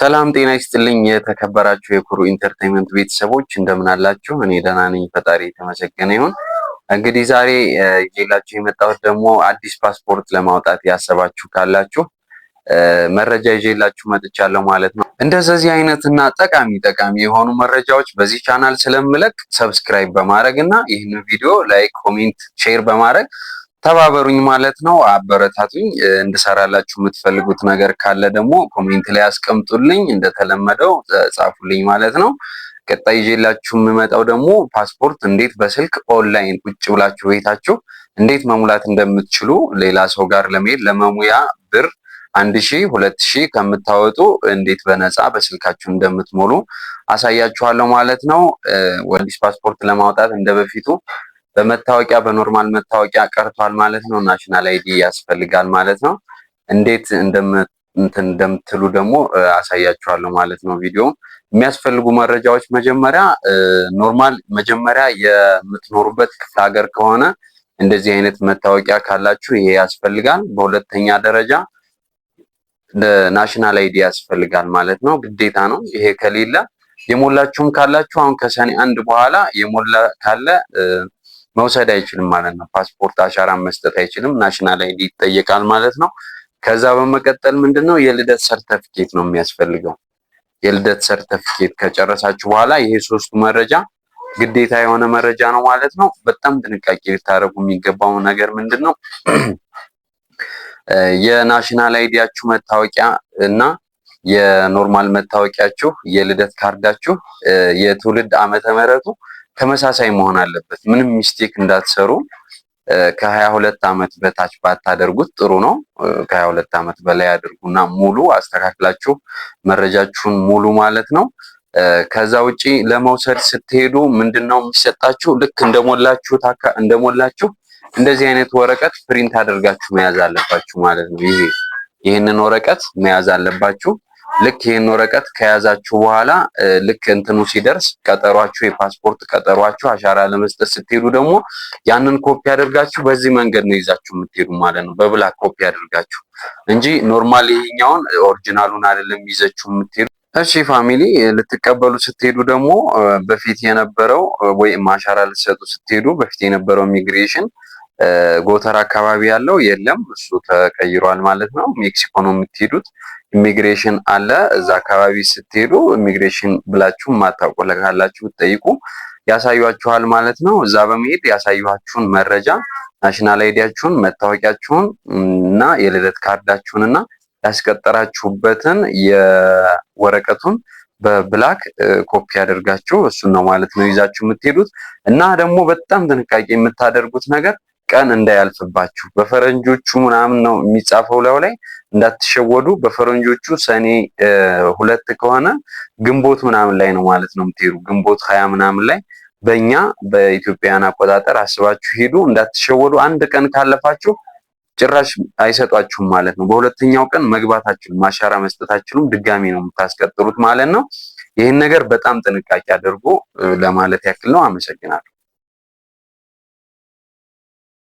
ሰላም ጤና ይስጥልኝ። የተከበራችሁ የኩሩ ኢንተርቴንመንት ቤተሰቦች እንደምን አላችሁ? እኔ ደህና ነኝ፣ ፈጣሪ የተመሰገነ ይሁን። እንግዲህ ዛሬ ይዤላችሁ የመጣሁት ደግሞ አዲስ ፓስፖርት ለማውጣት ያሰባችሁ ካላችሁ መረጃ ይዤላችሁ መጥቻለሁ ማለት ነው። እንደዚህ አይነትና ጠቃሚ ጠቃሚ የሆኑ መረጃዎች በዚህ ቻናል ስለምለቅ ሰብስክራይብ በማድረግ እና ይህን ቪዲዮ ላይክ፣ ኮሜንት፣ ሼር በማድረግ ተባበሩኝ ማለት ነው። አበረታቱኝ። እንድሰራላችሁ የምትፈልጉት ነገር ካለ ደግሞ ኮሜንት ላይ አስቀምጡልኝ፣ እንደተለመደው ጻፉልኝ ማለት ነው። ቀጣይ ይዤላችሁ የምመጣው ደግሞ ፓስፖርት እንዴት በስልክ ኦንላይን ቁጭ ብላችሁ ቤታችሁ እንዴት መሙላት እንደምትችሉ ሌላ ሰው ጋር ለመሄድ ለመሙያ ብር አንድ ሺህ ሁለት ሺህ ከምታወጡ እንዴት በነፃ በስልካችሁ እንደምትሞሉ አሳያችኋለሁ ማለት ነው። ወዲስ ፓስፖርት ለማውጣት እንደበፊቱ በመታወቂያ በኖርማል መታወቂያ ቀርቷል ማለት ነው። ናሽናል አይዲ ያስፈልጋል ማለት ነው። እንዴት እንደምትሉ ደግሞ አሳያችኋለሁ ማለት ነው። ቪዲዮውን የሚያስፈልጉ መረጃዎች መጀመሪያ ኖርማል መጀመሪያ የምትኖሩበት ክፍለ ሀገር ከሆነ እንደዚህ አይነት መታወቂያ ካላችሁ ይሄ ያስፈልጋል። በሁለተኛ ደረጃ ናሽናል አይዲ ያስፈልጋል ማለት ነው። ግዴታ ነው። ይሄ ከሌለ የሞላችሁም ካላችሁ አሁን ከሰኔ አንድ በኋላ የሞላ ካለ መውሰድ አይችልም ማለት ነው። ፓስፖርት አሻራ መስጠት አይችልም። ናሽናል አይዲ ይጠየቃል ማለት ነው። ከዛ በመቀጠል ምንድን ነው የልደት ሰርተፍኬት ነው የሚያስፈልገው። የልደት ሰርተፍኬት ከጨረሳችሁ በኋላ ይሄ ሶስቱ መረጃ ግዴታ የሆነ መረጃ ነው ማለት ነው። በጣም ጥንቃቄ ልታደርጉ የሚገባው ነገር ምንድን ነው የናሽናል አይዲያችሁ መታወቂያ እና የኖርማል መታወቂያችሁ፣ የልደት ካርዳችሁ፣ የትውልድ ዓመተ ምሕረቱ ተመሳሳይ መሆን አለበት። ምንም ሚስቴክ እንዳትሰሩ። ከሀያ ሁለት ዓመት በታች ባታደርጉት ጥሩ ነው። ከሀያ ሁለት ዓመት በላይ አድርጉና ሙሉ አስተካክላችሁ መረጃችሁን ሙሉ ማለት ነው። ከዛ ውጪ ለመውሰድ ስትሄዱ ምንድን ነው የሚሰጣችሁ? ልክ እንደሞላችሁ ታካ እንደሞላችሁ እንደዚህ አይነት ወረቀት ፕሪንት አድርጋችሁ መያዝ አለባችሁ ማለት ነው። ይሄ ይህንን ወረቀት መያዝ አለባችሁ። ልክ ይህን ወረቀት ከያዛችሁ በኋላ ልክ እንትኑ ሲደርስ ቀጠሯችሁ፣ የፓስፖርት ቀጠሯችሁ አሻራ ለመስጠት ስትሄዱ ደግሞ ያንን ኮፒ አድርጋችሁ በዚህ መንገድ ነው ይዛችሁ የምትሄዱ ማለት ነው። በብላክ ኮፒ አድርጋችሁ እንጂ ኖርማል ይሄኛውን ኦሪጂናሉን አይደለም ይዘችሁ የምትሄዱ። እሺ ፋሚሊ ልትቀበሉ ስትሄዱ ደግሞ በፊት የነበረው ወይም አሻራ ልትሰጡ ስትሄዱ በፊት የነበረው ኢሚግሬሽን ጎተራ አካባቢ ያለው የለም፣ እሱ ተቀይሯል ማለት ነው። ሜክሲኮ ነው የምትሄዱት። ኢሚግሬሽን አለ እዛ አካባቢ ስትሄዱ፣ ኢሚግሬሽን ብላችሁ ማታውቁ ካላችሁ ብትጠይቁ ያሳዩችኋል ማለት ነው። እዛ በመሄድ ያሳዩችሁን መረጃ ናሽናል አይዲያችሁን፣ መታወቂያችሁን እና የልደት ካርዳችሁን እና ያስቀጠራችሁበትን የወረቀቱን በብላክ ኮፒ ያደርጋችሁ እሱን ነው ማለት ነው ይዛችሁ የምትሄዱት። እና ደግሞ በጣም ጥንቃቄ የምታደርጉት ነገር ቀን እንዳያልፍባችሁ በፈረንጆቹ ምናምን ነው የሚጻፈው ላው ላይ እንዳትሸወዱ። በፈረንጆቹ ሰኔ ሁለት ከሆነ ግንቦት ምናምን ላይ ነው ማለት ነው የምትሄዱ ግንቦት ሀያ ምናምን ላይ በእኛ በኢትዮጵያን አቆጣጠር አስባችሁ ሂዱ፣ እንዳትሸወዱ። አንድ ቀን ካለፋችሁ ጭራሽ አይሰጧችሁም ማለት ነው። በሁለተኛው ቀን መግባታችሁን ማሻራ መስጠታችሁም ድጋሚ ነው የምታስቀጥሩት ማለት ነው። ይህን ነገር በጣም ጥንቃቄ አድርጎ ለማለት ያክል ነው። አመሰግናለሁ።